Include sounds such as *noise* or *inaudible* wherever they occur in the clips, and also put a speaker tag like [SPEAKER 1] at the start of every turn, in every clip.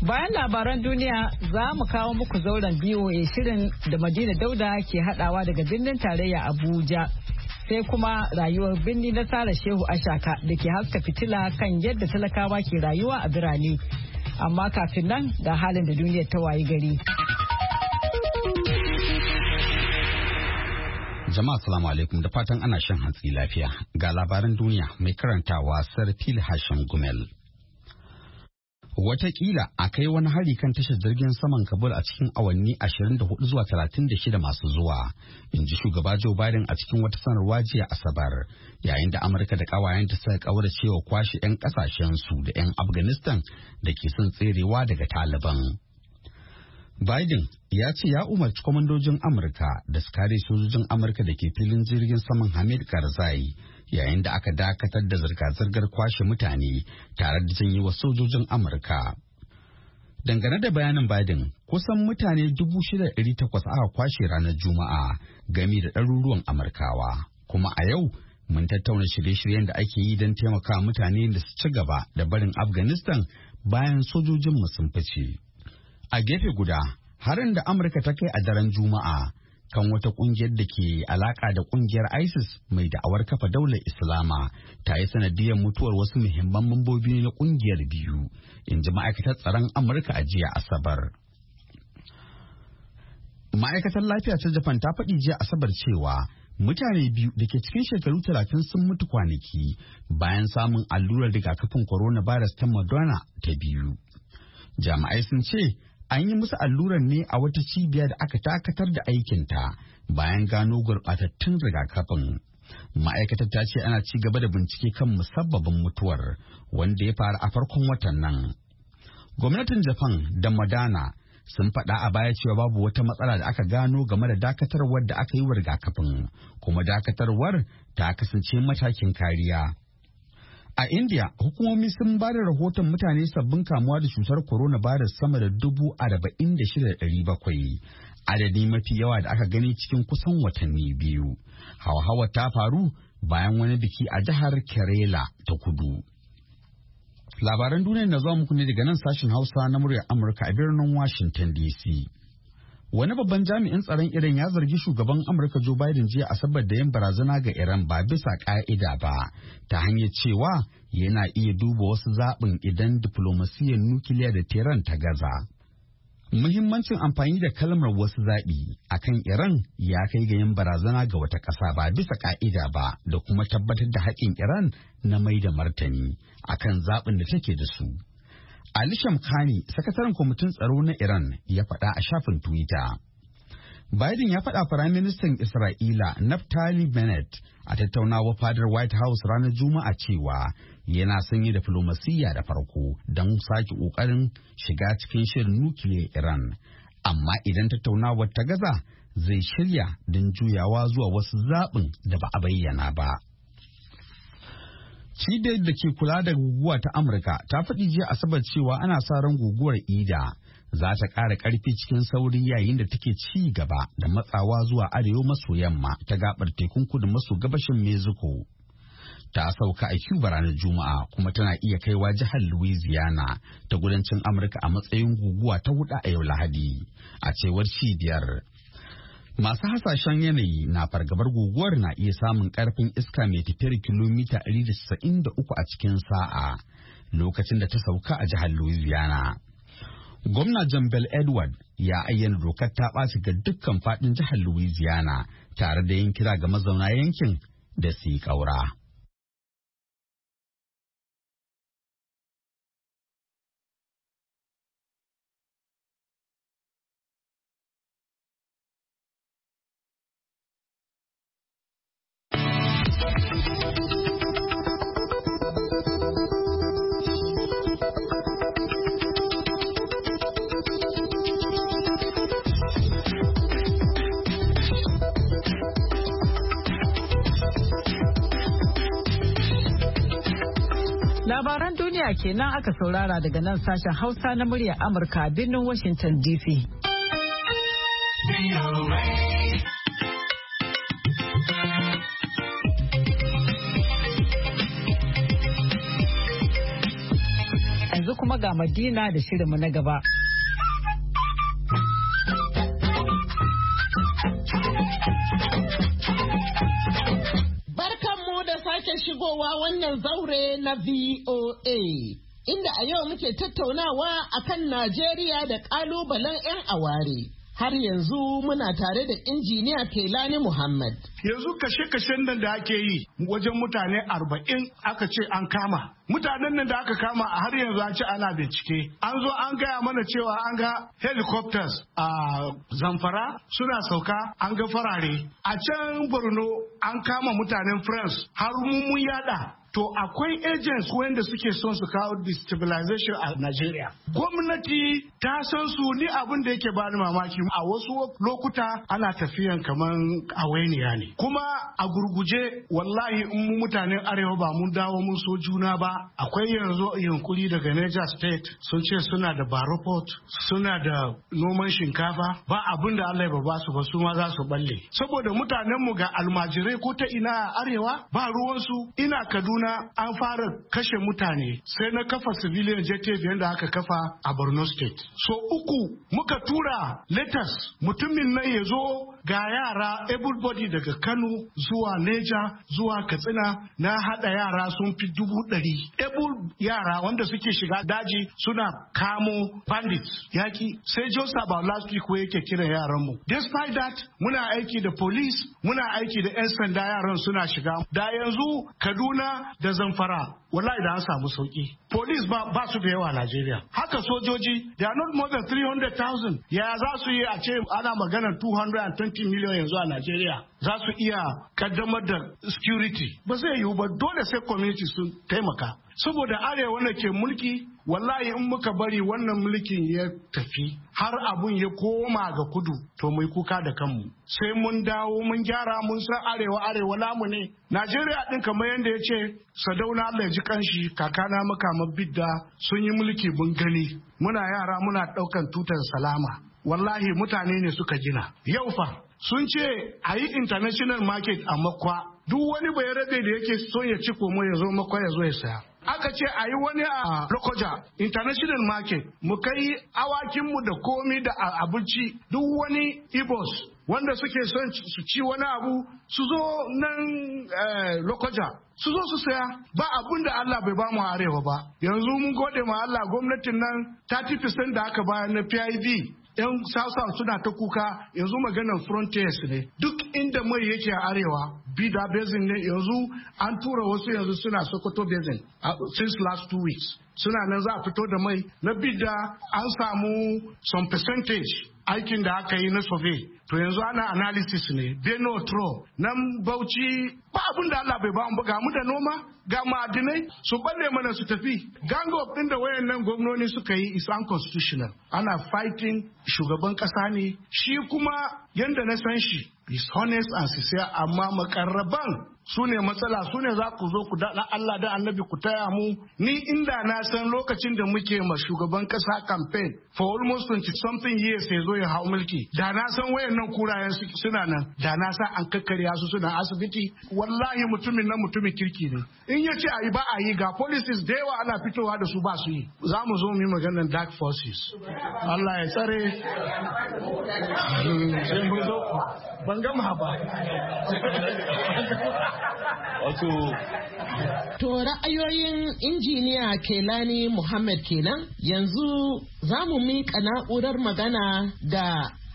[SPEAKER 1] Bayan labaran duniya za mu kawo muku zauren BOA shirin da Madina Dauda ke hadawa daga birnin tarayya Abuja. Sai kuma rayuwar birni na Sara Shehu Ashaka da ke haska fitila kan yadda talakawa ke rayuwa a birane. Amma kafin nan ga halin da duniyar ta wayi gari.
[SPEAKER 2] Jama'a salamu alaikum da fatan ana shan hantsi lafiya. Ga labaran duniya mai karantawa Sarfil Hashim Gumel. Wataƙila a kai wani hari kan tashar jirgin saman Kabul a cikin awanni 24 zuwa 36 masu zuwa, in ji shugaba Joe Biden a cikin wata sanarwa jiya Asabar, yayin da Amurka da ta suka ƙaura cewa kwashe 'yan su da 'yan Afghanistan da ke son tserewa daga Taliban. Biden ya ce ya umarci kwamandojin Amurka da su kare sojojin Amurka da ke filin jirgin saman Hamid Karzai yayin da aka dakatar da zirga-zirgar kwashe mutane tare da yi wa sojojin Amurka. Dangane da bayanin Biden, kusan mutane takwas aka kwashe ranar Juma'a gami da ɗaruruwan Amurkawa. Kuma a yau, mun tattauna shirye-shiryen da ake yi don taimaka mutane da su ci gaba da barin Afghanistan bayan sojojin mu sun fice. A gefe guda, harin da Amurka ta kai a daren Juma'a kan wata kungiyar da ke alaka da kungiyar ISIS mai da'awar kafa daular Islama ta yi sanadiyar mutuwar wasu muhimman mambobi na kungiyar biyu, in ji ma'aikatar tsaron Amurka a jiya Asabar. Ma'aikatar lafiya ta Japan ta faɗi jiya Asabar cewa mutane biyu da ke cikin shekaru talatin sun mutu kwanaki bayan samun allurar rigakafin coronavirus ta Moderna ta biyu. Jami'ai sun ce an yi musu alluran ne a wata cibiya da aka dakatar da aikinta bayan gano gurɓatattun rigakafin. ma'aikatar ta ce ana ci gaba da bincike kan musabbabin mutuwar wanda ya faru a farkon watan nan gwamnatin japan da madana sun faɗa a baya cewa babu wata matsala da aka gano game da dakatarwar da aka yi wa rigakafin kuma dakatarwar ta kasance matakin kariya A India, hukumomi sun ba da rahoton mutane sabbin kamuwa da cutar coronavirus sama da dubu arba'in da shida da bakwai, adadi mafi yawa da aka gani cikin kusan watanni biyu. Hauhawa ta faru bayan wani biki a jihar Kerala ta kudu. Labaran duniya na zuwa muku ne daga nan sashen Hausa na muryar Amurka a birnin Washington DC. Wani babban jami'in tsaron Iran ya zargi shugaban Amurka Joe Biden jiya Asabar da yin barazana ga Iran ba bisa ka'ida ba, ta hanyar cewa yana iya duba wasu zaɓin idan diflomasiyyar nukiliya da Tehran ta gaza. Muhimmancin amfani da kalmar wasu zaɓi a kan Iran ya kai ga yin barazana ga wata ƙasa ba bisa ka'ida ba da kuma tabbatar da haƙƙin Iran na mai da martani a kan zaɓin da take da su. Ali Shamkhani, sakataren kwamitin tsaro na Iran, ya faɗa a shafin Twitter. Biden ya faɗa Minister Isra'ila Naftali Bennett a tattaunawa fadar White House ranar Juma'a cewa yana sanye da filomasiya da farko don sake ƙoƙarin shiga cikin shirin nukiliyar Iran. Amma idan tattaunawar ta gaza, zai shirya don juyawa zuwa wasu zaɓin da ba a bayyana ba. Cibiyar da ke kula da guguwa ta Amurka ta faɗi jiya Asabar cewa ana sa ran guguwar Ida za ta ƙara ƙarfi cikin sauri yayin da take ci gaba da matsawa zuwa arewa maso yamma ta gabar tekun kudu maso gabashin Mexico. ta sauka a Cuba ranar Juma'a kuma tana iya kaiwa jihar Louisiana ta gudancin Amurka a matsayin guguwa ta huda a yau Lahadi. A cewar cibiyar Masu hasashen yanayi na fargabar guguwar na iya samun karfin iska mai tafiyar kilomita 193 a cikin sa'a lokacin da ta sauka a jihar Louisiana. Gwamna John Bell Edward ya ayyana dokar ta ɓaci ga dukkan faɗin jihar Louisiana tare da yin kira ga mazauna yankin da su yi ƙaura.
[SPEAKER 1] kenan aka saurara daga nan sashen Hausa na murya Amurka a birnin Washington DC. Yanzu kuma ga Madina da shirinmu na gaba.
[SPEAKER 3] sake shigowa wannan zaure na VOA. Inda a yau muke tattaunawa akan Najeriya da ƙalubalen 'yan aware. har yanzu muna tare da injiniya Kailani Muhammad.
[SPEAKER 4] Yanzu kashe-kashen nan da ake yi wajen mutane arba'in aka ce an kama. Mutanen nan da aka kama a har yanzu an ce ana bincike. An zo an gaya mana cewa an ga helicopters a zamfara suna sauka an ga farare. A can Borno an kama mutanen France har mun yada to akwai agents wanda suke son su kawo destabilization a Najeriya. Gwamnati ta san su ni abin da yake bani mamaki a wasu lokuta ana tafiyan kaman aweniya ne. Kuma a gurguje wallahi in mutanen arewa ba mun dawo mun so juna ba akwai yanzu yunkuri daga Niger State sun ce suna da baroport suna da noman shinkafa ba abin da Allah ya ba su ba su ma za su balle. Saboda mutanenmu ga almajirai ko ta ina arewa ba ruwansu ina Kaduna kaduna an fara kashe mutane sai na kafa civilian jtf yadda aka kafa a borno state so uku muka tura letters mutumin nan ya zo ga yara everybody daga kano zuwa neja zuwa katsina na hada yara sun fi dubu ɗari able yara wanda suke shiga daji suna kamo bandits yaki sai joseph about last week ko yake kira yaran mu despite that muna aiki da police muna aiki da yan sanda yaran suna shiga da yanzu kaduna desamparado. wallahi da an samu sauki police ba, ba su da yawa a Najeriya haka sojoji they are not more than 300,000 yaya za su yi a ce ana maganar 220 million yanzu a Najeriya za su iya kaddamar da security ba zai yiwu ba dole sai community sun taimaka saboda arewa na ke mulki wallahi in muka bari wannan mulkin ya tafi har abun ya koma ga kudu to mai kuka da kanmu sai mun dawo mun gyara mun san arewa arewa lamu ne najeriya din kamar yadda ya ce sadauna allah ji kanshi kakana makama bidda sun yi mulki mun gani muna yara muna ɗaukan tutar salama wallahi mutane ne suka gina yau fa sun ce a yi international market a makwa duk wani bai rabe da yake son ya ci komo ya zo makwa ya zo ya saya aka ce a yi wani a Lokoja International Market mu kai awakinmu da komi da abinci duk wani Ibos wanda suke son su ci wani abu su zo nan eh, lokaja su zo su saya ba abun da Allah bai ba mu arewa ba yanzu mun gode ma Allah gwamnatin nan 30% da aka bayar na PID yan south suna ta kuka yanzu maganar frontiers ne duk inda mai yake a arewa bida basin ne yanzu an tura wasu yanzu suna sokoto basin since last two weeks suna nan za a fito da mai na bida an samu some percentage aikin da aka yi na survey to yanzu ana analysis ne deno tro nan bauchi ba abin da Allah bai ba mu ga mu da noma ga ma'adinai su balle mana su tafi gang of din da wayan nan gwamnoni suka yi is unconstitutional ana fighting shugaban kasa ne shi kuma yanda na san shi dishonest and sincere amma makarraban su ne matsala su ne za ku zo ku daɗa Allah da annabi ku taya mu ni inda na san lokacin da muke ma shugaban kasa campaign for almost 20 something years ya zo ya hau mulki da na san wayannan kurayen suna nan da na san an kakkarya su suna asibiti wallahi mutumin nan mutumin kirki ne in ya ce a yi ba a yi ga policies da yawa ana fitowa da su ba su yi za mu zo mu yi maganar dark forces Allah ya tsare ban gama ba
[SPEAKER 5] Wato.
[SPEAKER 3] To ra'ayoyin injiniya Kelani Muhammad kenan yanzu za mu miƙa na'urar magana da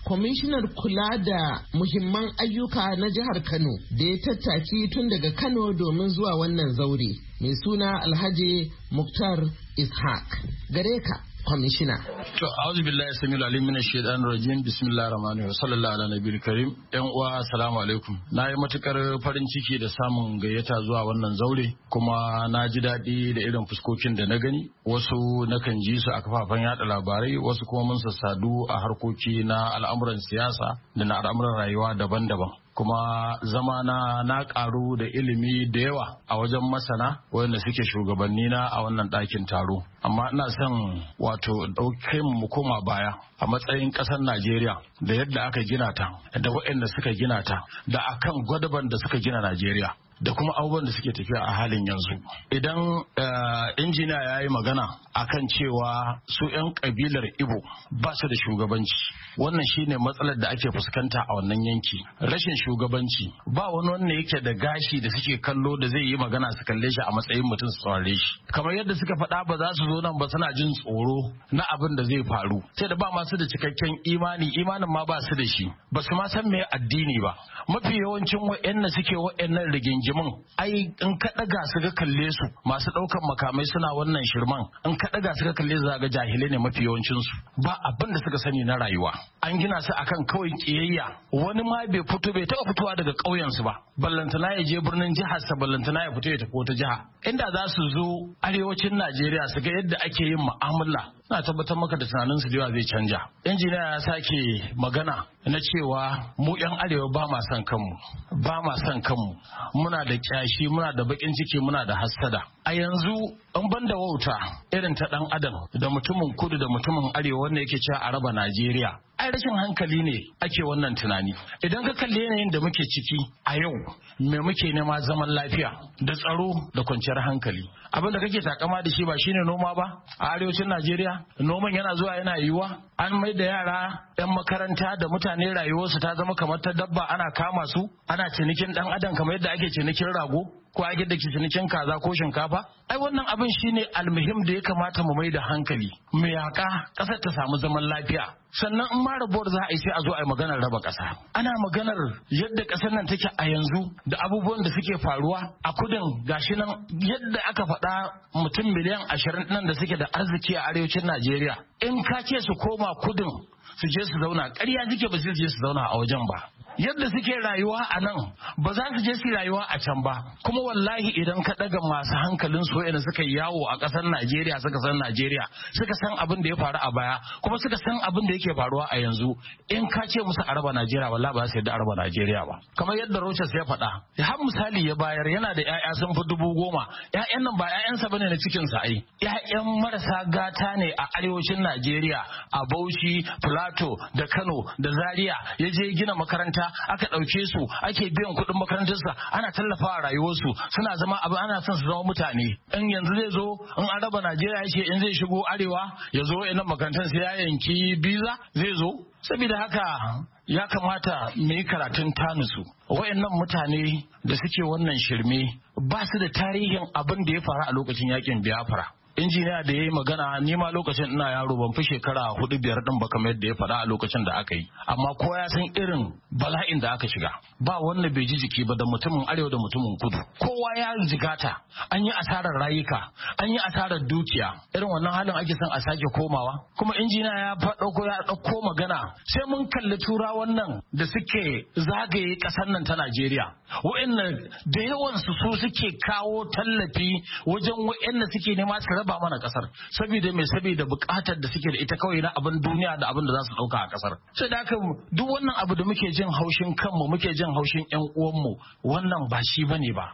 [SPEAKER 3] kwamishinar kula da muhimman ayyuka na jihar Kano da ya tattaki tun daga Kano domin zuwa wannan zaure mai suna Alhaji Muktar Ishaq. Gare ka. kwamishina.
[SPEAKER 6] To, a'udhu billahi samil alim min shaitan rajim bismillah ramani wa sallallahu ala nabiyil karim yan uwa assalamu alaikum na yi matukar farin ciki da samun gayyata zuwa wannan zaure kuma na ji daɗi da irin fuskokin da na gani wasu na kan ji su a kafafen yada labarai wasu kuma mun sassadu a harkoki na al'amuran siyasa da na al'amuran rayuwa daban-daban kuma zamana na karu da ilimi da yawa a wajen masana wanda suke shugabanni na a wannan ɗakin taro amma ina son wato ɗauke mu koma baya a matsayin ƙasar najeriya da yadda aka gina ta da waɗanda suka gina ta da akan gwadaban da suka gina najeriya da kuma abubuwan da suke tafiya a halin yanzu idan eh, injiniya ya yi magana a kan cewa su 'yan kabilar ibo ba su da shugabanci wannan shine matsalar da ake fuskanta a wannan yanki rashin shugabanci ba wani wanda yake da gashi da suke kallo da zai yi magana su kalle shi a matsayin mutum su saurare shi kamar yadda suka faɗa ba za su zo nan ba suna jin tsoro na abin da zai faru sai da ba masu da cikakken imani imanin ma ba su da shi ba su ma san me addini ba mafi yawancin wa'annan suke wa'annan rigin rigingimin ai in ka daga su ka kalle su masu daukan makamai suna wannan shirman in ka daga su ka kalle za ga jahilai ne mafi yawancin su ba abin da suka sani na rayuwa an gina su akan kawai kiyayya wani ma bai fito bai taba fitowa daga ƙauyen su ba ballantana ya je birnin jihar sa ballantana ya fito ya tafi wata jiha inda za su zo arewacin Najeriya su ga yadda ake yin mu'amala na tabbatar maka da tunanin su zai canja injiniya ya sake magana na cewa mu yan arewa ba ma son kanmu ba ma son kanmu muna da kyashi muna da bakin ciki muna da hassada a yanzu an ban da wauta irin ta dan adam da mutumin kudu da mutumin arewa wanda yake cewa a raba Najeriya ai rashin hankali ne ake wannan tunani idan ka kalli yanayin da muke ciki a yau me muke nema zaman lafiya da tsaro da kwanciyar hankali abin da kake takama da shi ba shine noma ba a arewacin Najeriya noman yana zuwa yana yiwuwa an mai da yara yan makaranta da mutane rayuwarsu ta zama kamar ta dabba ana kama su ana cinikin dan adam kamar yadda ake cinikin rago ko a da kishinikin kaza ko shinkafa ai wannan abin shine almuhim da ya kamata mu mai da hankali mu yaka kasar ta samu zaman lafiya sannan in ma rabuwar za a yi sai a zo a yi maganar raba kasa. ana maganar yadda ƙasar nan take a yanzu da abubuwan da suke faruwa a kudin gashi nan yadda aka faɗa mutum miliyan ashirin nan da suke da arziki a arewacin najeriya in ka ce su koma kudin su je su zauna ƙarya suke ba su je su zauna a wajen ba yadda suke rayuwa a nan ba za su je su rayuwa a can ba kuma wallahi idan ka daga masu hankalin su wayanda suka yawo a ƙasar Najeriya suka san Najeriya suka san abin da ya faru a baya kuma suka san abin da yake faruwa a yanzu in ka ce musu araba Najeriya wallahi ba su yadda araba Najeriya ba kamar yadda Rochas ya faɗa har misali ya bayar yana da ƴaƴa sun fi dubu goma ƴaƴan nan ba ƴaƴansa bane na cikin sa ai ƴaƴan marasa gata ne a arewacin Najeriya a Bauchi Plateau da Kano da Zaria ya je gina makaranta ma'ana aka ɗauke su ake biyan kuɗin makarantarsa ana tallafa a rayuwarsu suna zama abin ana son su zama mutane in yanzu zai zo in an raba najeriya ya ce in zai shigo arewa ya zo ina makarantar sai ya yanki biza zai zo saboda haka ya kamata mu yi karatun tanusu wayannan mutane da suke wannan shirme ba su da tarihin abin da ya faru a lokacin yakin biafra injiniya da ya yi magana ni ma lokacin ina yaro ban fi shekara hudu biyar din ba kamar yadda ya faɗa a lokacin da aka yi amma ko ya san irin bala'in da aka shiga ba wanda bai ji jiki ba da mutumin arewa da mutumin kudu kowa ya zigata an yi asarar rayuka an yi asarar dukiya irin wannan halin ake son a sake komawa kuma injiniya ya faɗo ko ya ɗauko magana sai mun kalli turawan nan da suke zagaye ƙasar nan ta Najeriya wa'annan da yawansu su suke kawo tallafi wajen wa'annan suke nema su Ba mana kasar saboda mai saboda bukatar da suke da ita kawai na abin duniya da abin da za su dauka a kasar sai da haka duk wannan abu da muke jin haushin kanmu muke jin haushin yan uwanmu wannan ba shi bane ba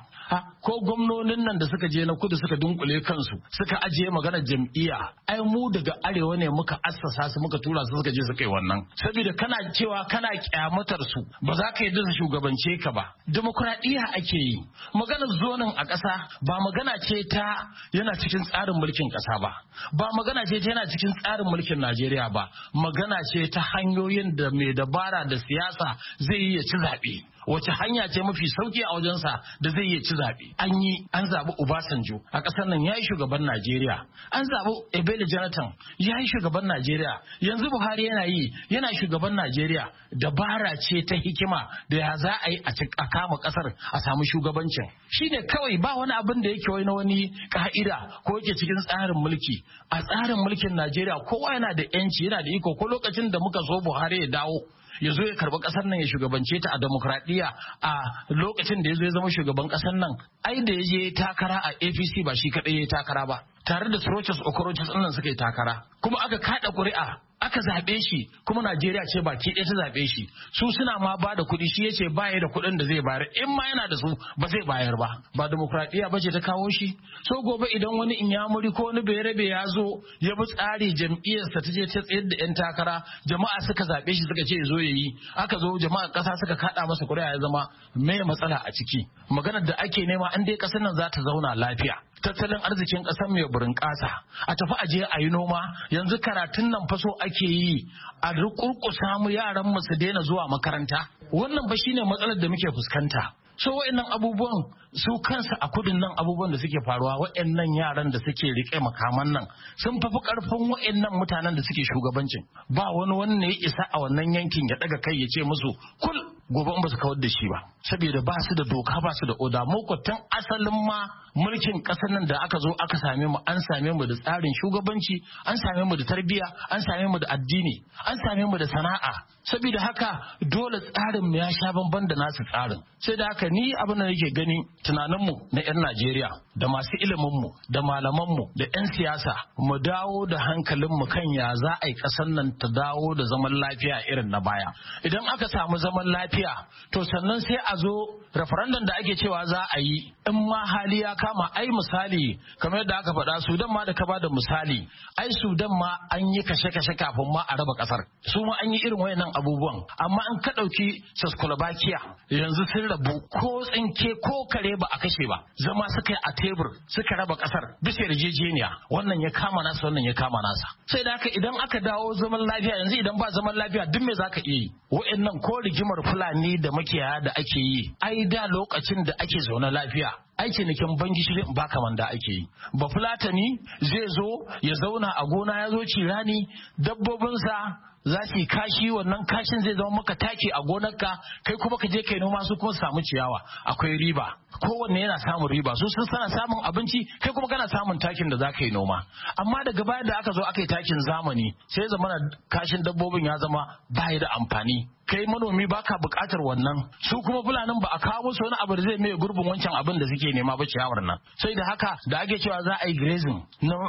[SPEAKER 6] ko gwamnonin nan da suka je na kudu suka dunkule kansu suka ajiye magana jam'iyya ai mu daga arewa ne muka assasa su muka tura su suka je suka yi wannan saboda kana cewa kana kyamatar su ba za ka yi su shugabance ka ba demokradiyya ake yi maganar zonin a ƙasa ba magana ce ta yana cikin tsarin mulkin ƙasa ba ba magana ce ta yana cikin tsarin mulkin Najeriya ba magana ce ta hanyoyin da mai dabara da siyasa zai yi ya ci zaɓe wace hanya ce mafi sauki a wajensa da zai iya ci zaɓe an yi an zaɓi obasanjo a ƙasar nan ya yi shugaban najeriya an zaɓi ebele jonathan ya yi shugaban najeriya yanzu buhari yana yi yana shugaban najeriya dabara ce ta hikima da ya za a yi a kama ƙasar a samu shugabancin Shi ne kawai ba wani abin da yake wai na wani ka'ida ko yake cikin tsarin mulki a tsarin mulkin najeriya kowa yana da yanci yana da iko ko lokacin da muka so buhari ya dawo ya zo ya karba kasar nan ya shugabance ta a demokradiyya a lokacin da ya zo ya zama shugaban kasar nan ai da ya je takara a APC ba shi kadai ya takara ba tare da Rochas Okorochas nan suka yi takara kuma aka kada ƙuri'a aka zaɓe shi kuma Najeriya ce baki ɗaya ta zaɓe shi su suna ma ba da kuɗi shi ya yace baya da kuɗin da zai bayar in ma yana da su ba zai bayar ba ba demokradiya ba ce ta kawo shi so gobe idan wani in inyamuri ko wani berebe ya zo ya bi tsari jam'iyyarsa ta je ta tsayar da yan takara jama'a suka zaɓe shi suka ce zo ya yi aka zo jama'a ƙasa suka kaɗa masa ƙuri'a ya zama me matsala a ciki maganar da ake nema an dai ƙasar nan za ta zauna lafiya tattalin arzikin ƙasar mai burin ƙasa a tafi aje a yi noma yanzu karatun nan faso ake yi a rukurku samu yaran mu su daina zuwa makaranta wannan ba shine matsalar da muke fuskanta so wa'annan abubuwan su kansu a kudin nan abubuwan da suke faruwa waɗannan yaran da suke rike makaman nan sun fafi karfin waɗannan mutanen da suke shugabancin ba wani wanne ya isa a wannan yankin ya daga kai ya ce musu kul gobe ba su kawar da shi ba saboda ba su da doka ba su da oda muku asalin ma mulkin ƙasar nan da aka zo aka same mu an same mu da tsarin shugabanci an same mu da tarbiyya an same mu da addini an same mu da sana'a saboda haka dole tsarin mu ya sha bamban da nasu tsarin sai da haka ni abin da nake gani tunaninmu na 'yan Najeriya da masu iliminmu da malamanmu da 'yan siyasa mu dawo da hankalinmu kan ya za a yi ƙasar nan ta dawo da zaman lafiya irin na baya. Idan aka samu zaman lafiya to sannan sai a zo referendum da ake cewa za a yi in ma hali ya kama ai misali kamar yadda aka faɗa Sudan ma da ka ba da misali ai Sudan ma an yi kashe-kashe kafin ma a raba ƙasar su ma an yi irin wayannan abubuwan amma an ka ɗauki Saskolobakiya yanzu sun rabu ko tsinke ko kare ɗaya ba a kashe ba zama suka yi a tebur suka raba kasar bisa yarjejeniya wannan ya kama nasa wannan ya kama nasa sai da haka idan aka dawo zaman lafiya yanzu idan ba zaman lafiya duk me zaka iya yi wa'annan ko rigimar fulani da makiyaya da ake yi ai da lokacin da ake zaune lafiya aiki kin ban gishiri ba kaman da ake yi ba fulatani zai zo ya zauna a gona ya zo cirani dabbobinsa za su yi kashi wannan kashin zai zama maka taki a gonarka kai kuma ka je kai noma su kuma samu ciyawa akwai riba kowanne yana samun riba su sun sana samun abinci kai kuma kana samun takin da za ka yi noma amma daga bayan da aka zo aka yi takin zamani sai zamana kashin dabbobin ya zama baya da amfani kai manomi baka bukatar wannan su kuma fulanin ba a kawo musu wani abu da zai mai gurbin wancan abin da suke nema ba ciyawar nan sai da haka da ake cewa za a yi grazing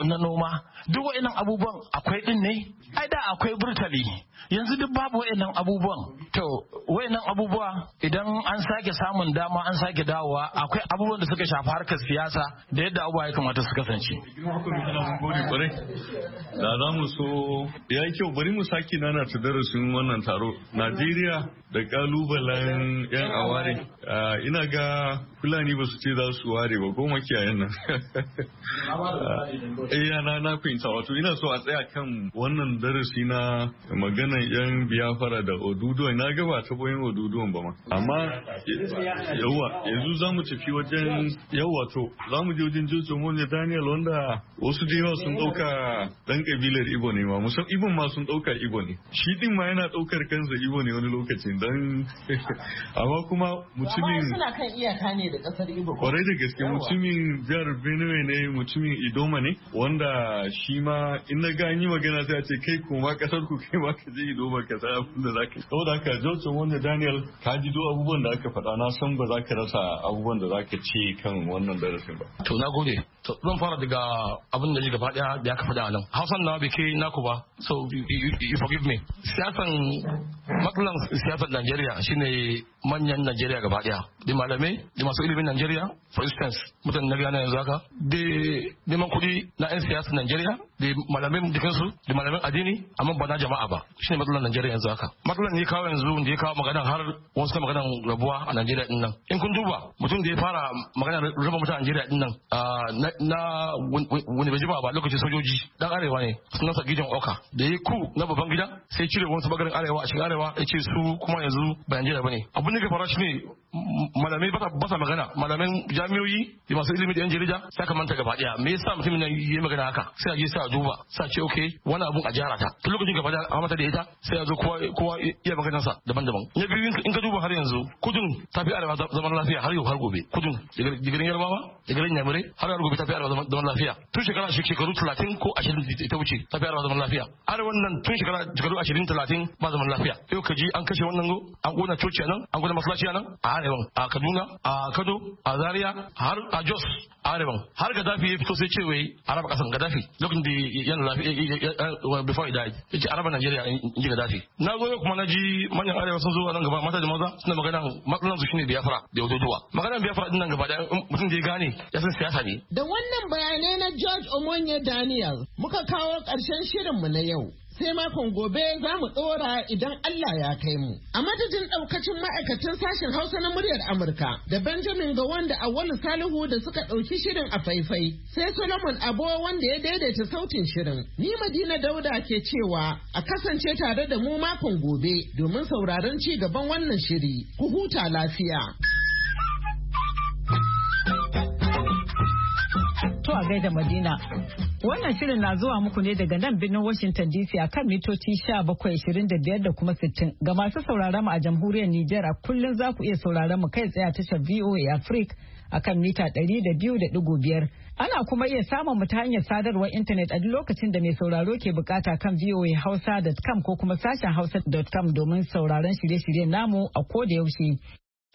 [SPEAKER 6] na noma duk wa'annan abubuwan akwai din ne ai da akwai burtali yanzu duk babu wa'annan abubuwan to wa'annan abubuwa idan an sake samun dama an sake dawowa akwai abubuwan da suka shafi harkar siyasa da yadda abubuwa ya kamata su kasance
[SPEAKER 5] da za mu so ya yi kyau bari mu sake nana ta darasin wannan taro najeriya Najeriya da kalubalen 'yan aware. Ah, ina ga Fulani ba su ce za su ware ba ko makiyayen nan. Eh na na kwinta wato ina so a tsaya kan wannan darasi na maganan 'yan biyafara da oduduwa na gaba ta boyin oduduwan ba ma. Amma yawa yanzu za mu tafi wajen yawa to za mu je wajen Jojo Monje Daniel wanda wasu da yawa sun ɗauka ɗan ƙabilar Ibo ne ma musamman Ibon ma sun ɗauka Ibo ne. Shi ɗin ma yana ɗaukar kansa Ibo ne wani lokacin don *laughs* amma kuma mutumin
[SPEAKER 3] suna kan iyaka ne da kasar Ibo kwarai da gaske
[SPEAKER 5] mutumin jihar Benue ne mutumin Idoma ne wanda shi ma in na ga yi magana sai a ce kai kuma kasar ku *laughs* kai ma ka je Idoma ka san abin da ka yi da haka Johnson wanda Daniel ka ji duk abubuwan da aka faɗa na san ba za ka rasa abubuwan da za ka ce kan wannan darasin ba
[SPEAKER 7] to na gode to zan fara daga abin da ni gaba daya da aka faɗa nan Hausan na bai kai naku ba so you, you, forgive me siyasan matsalar. wannan siyasar Najeriya shine manyan Najeriya gaba daya. Da malamai, da masu ilimin Najeriya, for instance, mutanen na Ghana yanzu haka, di neman kuɗi na 'yan siyasar Najeriya, da malamin jikinsu da malamin addini amma ba na jama'a ba shine matsalar Najeriya yanzu haka matsalar ne kawo yanzu da ya kawo magana har wasu magana rabuwa a Najeriya din nan in kun duba mutum da ya fara magana raba mutum a Najeriya din nan na wani bai jima ba lokacin sojoji dan arewa ne sunan sa gidan oka da ya ku na babban gida sai cire wasu bagarin arewa a cikin arewa ya ce su kuma yanzu ba Najeriya bane abin da ya fara shine malamai ba sa magana Madame jami'oyi da masu ilimi da yan jarida sai ka manta gaba daya me yasa mutumin nan yayi magana haka sai a je sai a duba sai ce okay wani abun a jara ta tun lokacin gaba daya a da ita sai a zo kowa kowa iya magana sa daban-daban bi biyu in ka duba har yanzu kudin ta fi arewa zaman lafiya har yau har gobe kudin digirin yarbawa digirin yamurai har yau gobe ta fi arewa zaman lafiya tun shekara shekaru talatin ko 20 ta wuce ta fi arewa zaman lafiya arewa nan tun shekara shekaru 20 talatin ba zaman lafiya yau ka ji an kashe wannan go an kona coci nan an kona masallaci nan a arewan a kaduna a kado a zaria har a jos Arewa har gaddafi ya fito sai ce wai araba kasan gaddafi lokacin da yana lafiya before he died yace araba najeriya in ji gaddafi na zo kuma na ji manyan arewa sun zo a nan gaba mata da maza suna magana matsalan su shine biafra da yododuwa maganar biafra din nan gaba da mutum da ya gane ya san siyasa ne
[SPEAKER 3] da wannan bayanai na George Omonye Daniel muka kawo ƙarshen shirinmu na yau sai makon gobe za mu tsora idan Allah ya kai mu. A madadin ɗaukacin ma'aikacin sashen Hausa na muryar Amurka da Benjamin ga wanda Auwalu Salihu da suka ɗauki shirin a faifai sai Solomon Abo wanda ya daidaita sautin shirin. Ni Madina Dauda ke cewa a kasance tare da mu makon gobe domin sauraron
[SPEAKER 1] ci gaban wannan shiri. Ku huta lafiya. To a gaida Madina. Wannan shirin na zuwa muku ne daga nan birnin Washington DC a kan mitoci 1725 da biyar da kuma sittin Ga masu sauraron mu a jamhuriyar Nijar a kullum za ku iya sauraron mu kai tsaye a tashar VOA Africa a kan mita biyar Ana kuma iya samun mu ta hanyar sadarwar intanet a duk lokacin da mai sauraro ke bukata kan Hausa voahausa.com ko kuma sashen hausa.com domin sauraron shirye-shiryen namu a ko da yaushe.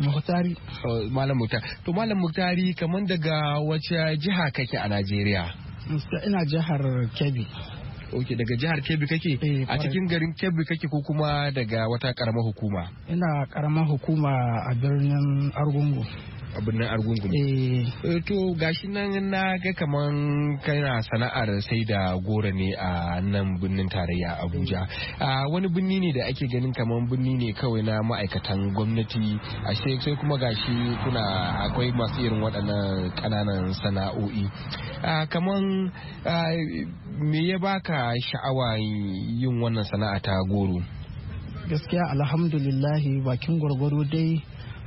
[SPEAKER 8] Muhtari. Oh, Malam Muktari. To Malam Muktari kamar daga wace jiha kake a Najeriya?
[SPEAKER 9] Ina jihar Kebbi. Ok daga jihar Kebbi kake? Eh,
[SPEAKER 8] a cikin garin Kebbi kake ko kuma daga wata karamar hukuma?
[SPEAKER 9] Ina karamar hukuma a birnin Argungu. abin nan eh. eh, to gashi nan na ga
[SPEAKER 8] kaman kana sana'ar sai da gora ne a nan birnin tarayya Abuja mm. wani birni ne da ake ganin kaman birni ne kawai na ma'aikatan gwamnati a sai kuma gashi kuna akwai masu irin waɗannan ƙananan sana'o'i kaman me ya baka sha'awa yin wannan sana'a ta goro
[SPEAKER 9] gaskiya alhamdulillahi bakin gwargwaro dai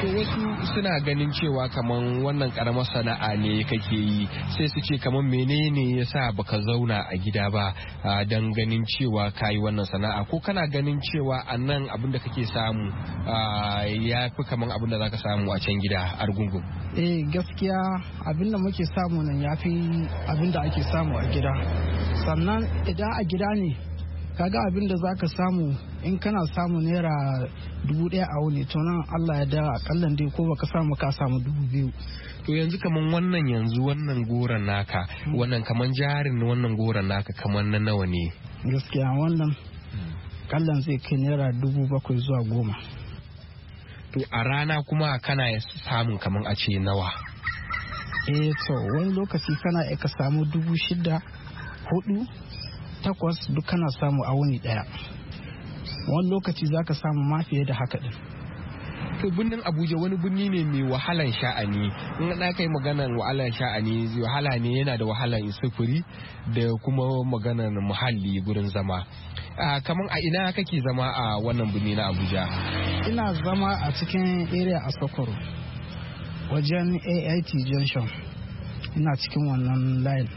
[SPEAKER 8] to wasu suna ganin cewa kaman wannan karamar sana'a ne kake yi sai su ce kaman menene ya yasa baka zauna a gida ba don ganin cewa ka yi wannan sana'a ko kana ganin cewa a nan abin kake samu ya fi kaman abin da zaka samu a can gida rugungun
[SPEAKER 9] eh gaskiya abinda muke samu nan ya fi abinda ake samu a gida sannan idan a gida ne kaga abin da za ka samu in kana samu naira dubu daya a wuni to nan Allah ya da akallan dai ko baka samu ka samu dubu biyu
[SPEAKER 8] to yanzu kaman wannan yanzu wannan goran naka hmm. wannan kaman jarin wannan goran naka kaman na nawa ne
[SPEAKER 9] gaskiya wannan kallan zai kai naira dubu bakwai zuwa goma
[SPEAKER 8] to a rana kuma kana samun kaman a ce nawa
[SPEAKER 9] eh to wani lokaci kana ka samu dubu shida hudu takwas duk kana samu a wuni daya wani lokaci za ka samu ma fiye da haka din
[SPEAKER 8] to birnin abuja wani birni ne mai wahalan sha'ani in na kai maganar wahalan sha'ani wahala ne yana da wahalan sufuri da kuma maganar muhalli gurin zama kamar a ina kake zama a wannan birni na abuja
[SPEAKER 9] ina zama a cikin area a sokoro wajen ait junction ina cikin wannan line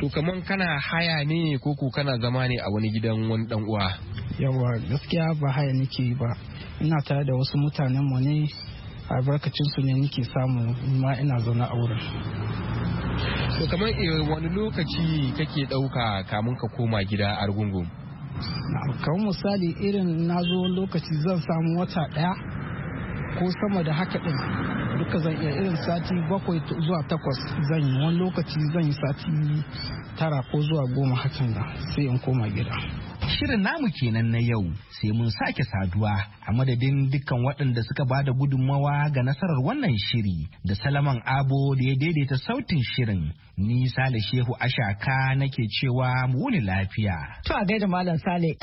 [SPEAKER 8] to kaman kana haya ne ko ku kana zama ne a wani gidan wani dan uwa
[SPEAKER 9] yawa gaskiya ba haya nake ba ina tare da wasu mutanen mu ne albarkacin su ne nake samu ma ina zaune a wurin
[SPEAKER 8] to kamar eh, wani lokaci kake dauka kamun ka koma gida a rugungun
[SPEAKER 9] kamar misali irin na zo lokaci zan samu wata ɗaya ko sama da haka din duka zan iya irin sati bakwai zuwa takwas zan yi wani lokaci zan yi sati tara ko zuwa goma hakan da sai in koma gida Shirin namu kenan na yau sai mun sake saduwa a
[SPEAKER 8] madadin dukkan waɗanda suka ba da gudunmawa ga nasarar wannan shiri da Salaman Abo da ya daidaita sautin shirin. Ni Sale Shehu Ashaka nake cewa mu wuni
[SPEAKER 2] lafiya.
[SPEAKER 1] To a gaida Malam Sale.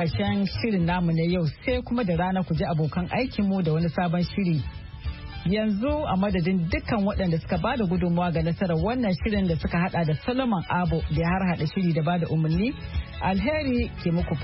[SPEAKER 1] ƙarshen shirin namu na yau sai kuma da rana ku ji abokan aikinmu da wani sabon shiri. Yanzu a madadin dukkan waɗanda suka ba da gudunmawa ga nasarar wannan shirin da suka hada da Solomon Abo da ya har hada shiri da ba da umarni, alheri ke muku